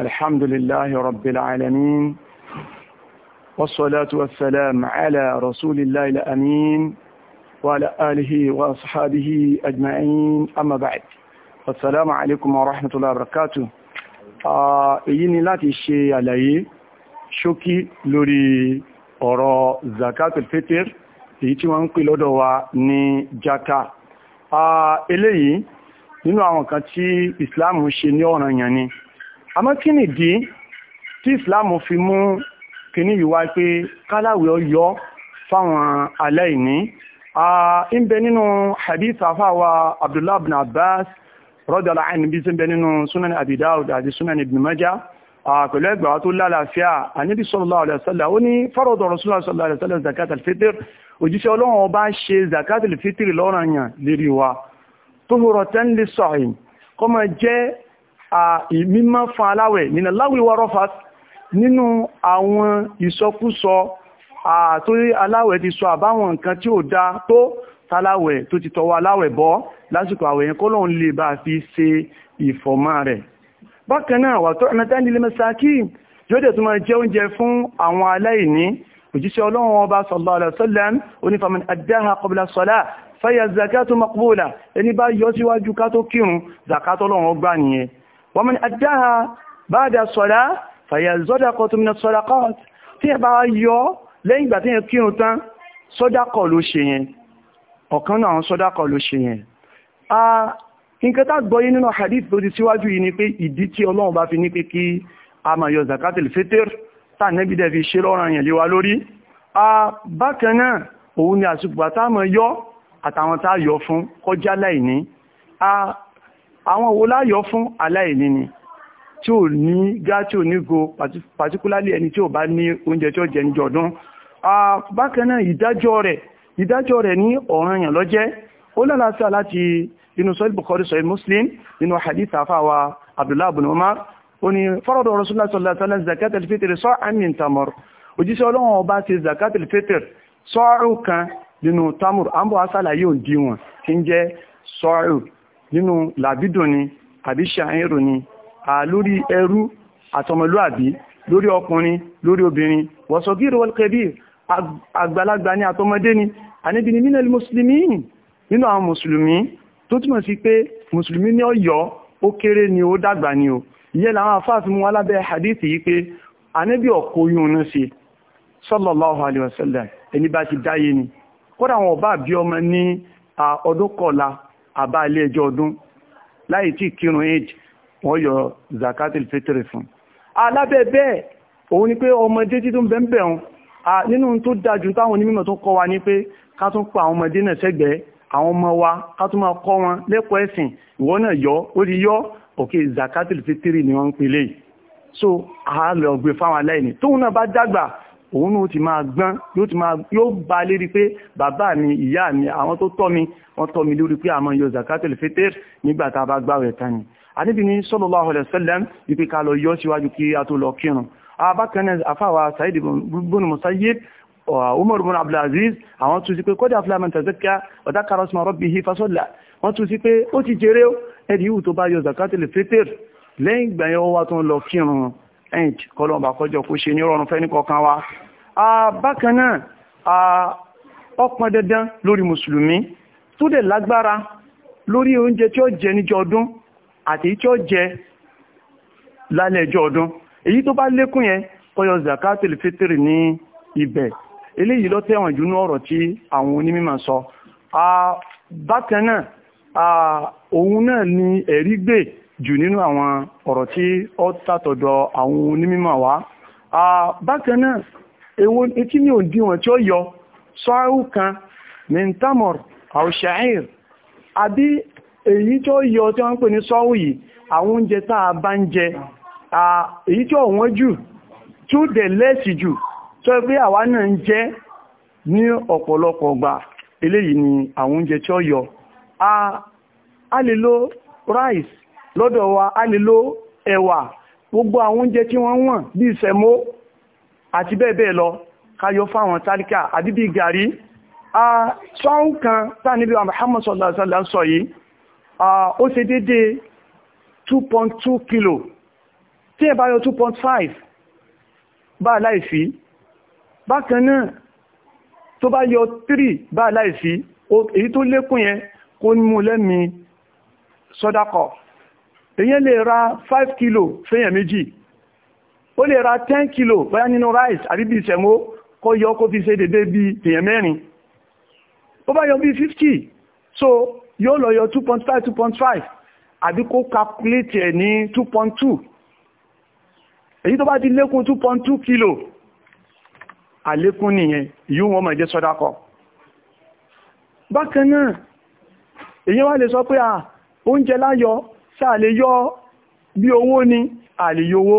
الحمد لله رب العالمين والصلاة والسلام على رسول الله الأمين وعلى آله وأصحابه أجمعين أما بعد السلام عليكم ورحمة الله وبركاته èyí لا تشي علي àlàyé لوري lórí زكاة الفطر fitr èyí tí wọ́n ń pè lọ́dọ̀ wa ní jaka eléyìí nínú àwọn kan tí Islam ṣe ní ọ̀ranyàn ni àmọ́ kí nìdí tí islam fi mú kìíní yìí wá pé káláwé ọyọ́ fáwọn aláìní ń bẹ nínú hadith afáwa abdullah ibn abbas radiyallahu anhu bí ń bẹ nínú sunan abi dawud àti sunan ibn majah pẹ̀lú ẹgbàá tó lálàáfíà àníbi sallallahu alaihi wasallam ó ní farada sallallahu alaihi wasallam zakat al-fitr òjíṣẹ́ zakat al-fitr lọ́ranyàn lérí wa tuhuratan lis-sa'im kó mímọ́ fún aláwẹ̀ nínú láwíwá rọ́fà nínú àwọn ìsọkúsọ àtórí aláwẹ̀ ti sọ àbáwọn nǹkan tí ò dá tó táláwẹ̀ tó ti tọwọ́ aláwẹ̀ bọ́ lásìkò àwẹ̀ yẹn kọ́lọ̀ ń lè bá fi ṣe ìfọ̀mọ́ rẹ̀ bákan náà wà tó ẹ̀nà tẹ́lẹ̀ sallallahu alaihi wasallam onífàmì adáha qabla salah fẹ́yà zakatu maqbula ẹni bá yọ síwájú ká tó kírun zakatọ́lọ́run ọgbà nìyẹn ومن أداها بعد الصلاة فهي الصدقة من الصدقات tí ẹ bá yọ lẹ́yìn ìgbà tí ẹ kírun tán sọ́dákọ̀ ló ṣe yẹn ọ̀kan náà sọ́dákọ̀ ló ṣe yẹn a nǹkan tá gbọ́yé nínú hadith tó ti síwájú yìí ni pé ìdí tí ọlọ́run bá fi ní pé kí a máa yọ zakatil fitr tá nẹ́bí dẹ̀ fi ṣe lọ́ràn yẹn léwa lórí a bákan náà òun ni àsìkò àtàmọ̀ yọ àtàwọn tá yọ fún kọjá láìní a àwọn owó láyọ̀ fún aláìní ni tí ò ní gá tí ò ní go particularly ẹni tí ò bá ní oúnjẹ tí ó jẹ níjọ ọdún bákan náà ìdájọ́ rẹ̀ ìdájọ́ rẹ̀ ní ọ̀ràn yàn lọ́jẹ́ ó lálàáfíà láti inú sọ́ìlì Bukhari sọ́ìlì Muslim nínú hadith àfáwà Abdullah ibn Umar ó ní fọ́rọ̀dọ̀ sallallahu alaihi wasallam zakat al-fitr sa'an min tamar òjíṣẹ́ ọlọ́run ọba ti zakat al-fitr tamur ambo asala yóò díwọ̀n tí ń jẹ́ sọ́ọ̀rù nínú làbídò ni àbí ṣàìrò ni lórí ẹrú àtọmọlúàbí lórí ọkùnrin lórí obìnrin wọ̀sọ̀gírò wọ́lkẹ́bí àgbàlagbà ni àtọmọdé ni àníbi ni mínà mùsùlùmí nínú àwọn mùsùlùmí tó túnmọ̀ sí pé mùsùlùmí ní ọ̀yọ́ ó kéré ni ó dàgbà ni o ìyẹ́ làwọn afáàfin wọn alábẹ́ hadithi yìí pé àníbi ọ̀kọ́ yóò ní sí sallallahu alaihi wasallam ẹni bá ti dáyé ni kódà wọn ọba àbí ọmọ ní ọdún kọ̀ọ̀la àbá ilé ẹjọ́ ọdún láì tí kírun eid wọ́n yọ zakatil fitri fún alábẹ́ bẹ́ẹ̀ òun ni pé ọmọdé títún bẹ́ẹ̀ wọn nínú tó dájú táwọn onímọ̀ tó kọ́ wa ní pé ká tún pa àwọn ọmọdé náà sẹ́gbẹ̀ẹ́ àwọn ọmọ wa ká tún máa kọ́ wọn lẹ́kọ̀ọ́ ẹ̀sìn ìwọ náà yọ ó ti yọ òkè zakatil fitri ni wọ́n ń pè so àá lọ gbé fáwọn aláìní tóun náà bá dàgbà òun náà ti máa gbọ́n yóò ti máa yóò bá lérí pé bàbá mi ìyá mi àwọn tó tọ́ mi wọ́n tọ́ mi lórí pé àmọ́ yọ zakatul fitr nígbà bá gbààwẹ̀ tán àníbi ní sallallahu alaihi wasallam wípé ká lọ yọ síwájú kí a Sa'id ibn Musayyib wa dhakara isma rabbihi fasalla wọ́n tún sí pé ó ti jèrè ẹ̀dì ìwù tó bá yọ zakatul fitr lẹ́yìn ìgbà yẹn wọ́n wá tó ń lọ kírun ẹ̀ǹtì kọ́lọ́ọ̀bà kọjọ kó ṣe bákan náà ọpọn dandan lórí mùsùlùmí tó dẹ̀ lágbára lórí oúnjẹ tí ó jẹ níjọ́ ọdún àti tí ó jẹ lálẹ́ ẹjọ́ ọdún èyí tó bá lékún yẹn kọyọ zakatul fitri ní ibẹ̀ eléyìí ló tẹ̀wọ̀n jù ní ọ̀rọ̀ tí àwọn onímọ̀ sọ bákan òun náà ni ẹ̀rí gbè jù nínú àwọn ọ̀rọ̀ tí ó tàtọ̀dọ̀ àwọn onímọ̀ wá bákan náà èwo etí ní òǹdíwọ̀n tí ó yọ sọ́ọ́rù kan mintamor àwòṣàìr àbí èyí tí ó yọ tí wọ́n ń pè ní sọ́ọ́rù yìí àwọn oúnjẹ tá a bá ń jẹ èyí tí ọ̀wọ́n jù tó dẹ̀ lẹ́ẹ̀sì jù tó pé àwa náà ń jẹ ní ọ̀pọ̀lọpọ̀ gbà eléyìí ni àwọn oúnjẹ tí ó yọ a lè lo rice lọ́dọ̀ wa a lè lo ẹ̀wà gbogbo àwọn oúnjẹ tí wọ́n wọ̀n bíi sẹ̀mó àti bẹ́ẹ̀ bẹ́ẹ̀ lọ káyọ fáwọn tálíkà àdíbí gàrí ṣọ́un kan tánibí Muhammad sallallahu alaihi wasallam sọ yìí ó ṣe dédé 2.2 kilo tí ẹ bá yọ 2.5 bá láìsí bákan náà tó bá yọ 3 bá láìsí èyí tó lékún yẹn kó ní mú lẹ́mí sọ́dákọ̀ èyàn lè ra 5 kilo fẹ́yàn méjì ó lè ra 10 kilo bóyá nínú rice àbí bí ìṣẹ̀mó kó yọ kó fi ṣe dédé bí èèyàn mẹ́rin ó bá yọ bí 50 so yóò lọ yọ 2.5 2.5 àbí kó calculate ẹ̀ ní 2.2 èyí tó bá di lékún 2.2 kilo àlékún nìyẹn yíò wọn mọ̀ jẹ́ sọ́dákọ̀ bákan náà èyí wá lè sọ pé à oúnjẹ láyọ sáà lè yọ bí owó ni àlèyówó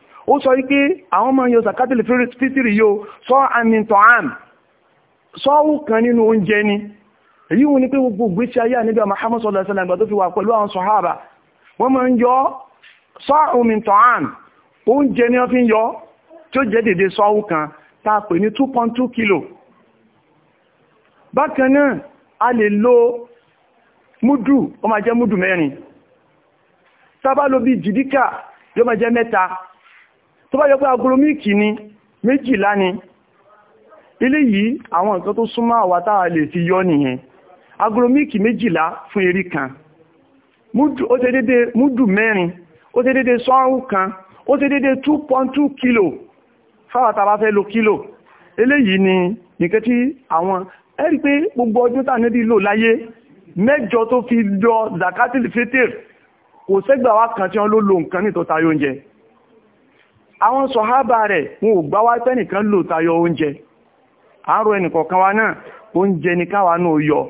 ó sọ wípé àwọn ọmọ yóò sàkátìlì fítìrì yóò sọ àmì tọ̀hán sọ́wọ́ kan nínú oúnjẹ ni èyí wọn ni pé gbogbo ìgbésí ayé àníbà Muhammad sallallahu alaihi wasallam tó fi wà pẹ̀lú àwọn sọ̀hábà wọ́n máa ń kilo bákan náà a lè lo múdù ó máa jẹ́ múdù tó bá yẹ pé agolo míìkì ni méjìlá ni ilé yìí àwọn nǹkan tó súnmọ́ àwa táwa lè fi yọ nìyẹn agolo míìkì méjìlá fún erí kan ó ṣe dédé múdù mẹ́rin ó ṣe dédé sọ́rún kan ó ṣe dédé 2.2 kilo fáwọn tàbá fẹ́ lo kilo eléyìí ni nǹkan tí àwọn ẹ rí pé gbogbo ọdún tà níbi lò láyé mẹ́jọ tó fi lọ zakatil fitr kò sẹ́gbàá wa kan tí wọ́n ló lo nǹkan nítòtayó oúnjẹ àwọn sọ̀hábà rẹ̀ wọn ò gbá wá tẹ́nìkan lò tayọ oúnjẹ àárọ̀ ẹnìkọ̀ọ̀kan wa náà oúnjẹ ní káwa náà yọ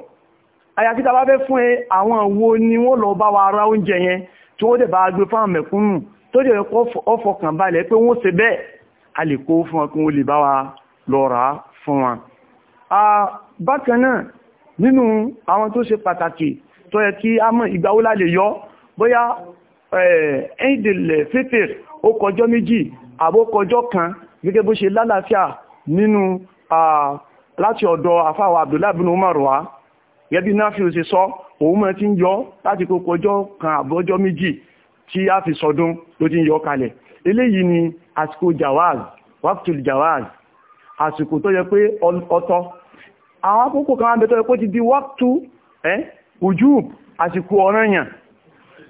bá fẹ́ fún ẹ àwọn wo ni wọ́n lọ bá wa ra oúnjẹ yẹn tí wọ́n dẹ̀ bá gbé fáwọn mẹ̀kúnnù tó dẹ̀ ọfọkàn balẹ̀ pé wọ́n ṣe bẹ́ẹ̀ a lè kó fún bá wa lọ rà fún wọn bákan náà nínú àwọn tó ṣe pàtàkì tó ẹ̀ẹ́dìlẹ̀ eh, fífìr ó kọjọ́ méjì àbókọjọ́ kan gẹ́gẹ́ bó ṣe lálàáfíà nínú láti ọ̀dọ̀ àfáwà Abdullahi bin Umar wa gẹ́bí náà fi ṣe sọ òun mọ́ ti ń yọ láti kókọjọ́ kan àbójọ́ méjì tí a fi sọdún ló ti ń yọ kalẹ̀ eléyìí ni àsìkò jawaz waqtul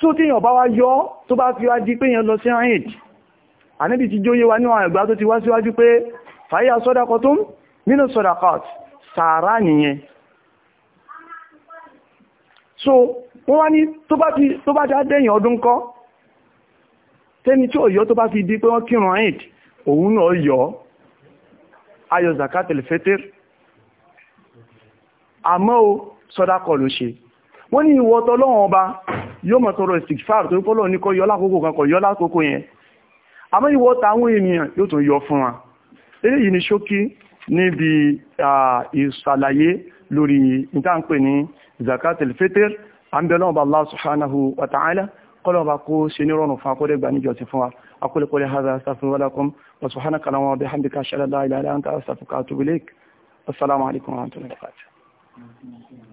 tó tí èèyàn bá wá yọ́ tó bá fi wá di pé èèyàn lọ sí ahid àníbi ti jóyé wa níwọ̀n àgbà tó ti wá síwájú pé fàyà sọ́dakọ̀ tó nínú sọ́dakọ̀t sàárà nìyẹn so wọ́n wá ní tó bá já dẹ́yìn ọdún kọ́ tẹ́ni tí ọ̀yọ́ tó bá fi di pé wọ́n kírun ahid òun náà yọ ayọ̀ zakat el fẹ́tẹ́r àmọ́ o sọ́dakọ̀ ló ṣe wọ́n ní ìwọ tọ́lọ́wọ́n ọba yóò mọ̀ tọrọ istikfar tó kọ́lọ̀ ní kọ́ yọ lákòókò kan kọ̀ yọ lákòókò yẹn àmọ́ ìwọ táwọn ènìyàn yóò tún yọ fún wa eléyìí ni ṣókí níbi ìṣàlàyé lórí ìtànpè ní zakat al-fitr àmbẹ̀lọ́wọ́n bá Allah subhanahu wa ta'ala kọ́lọ̀ bá kó ṣe ní rọrùn fún akọ́dẹ́gbà níjọ sí fún wa أقول قولي هذا أستغفر ولكم وسبحانك اللهم وبحمدك أشهد أن لا إله إلا أنت أستغفرك وأتوب عليكم ورحمة الله وبركاته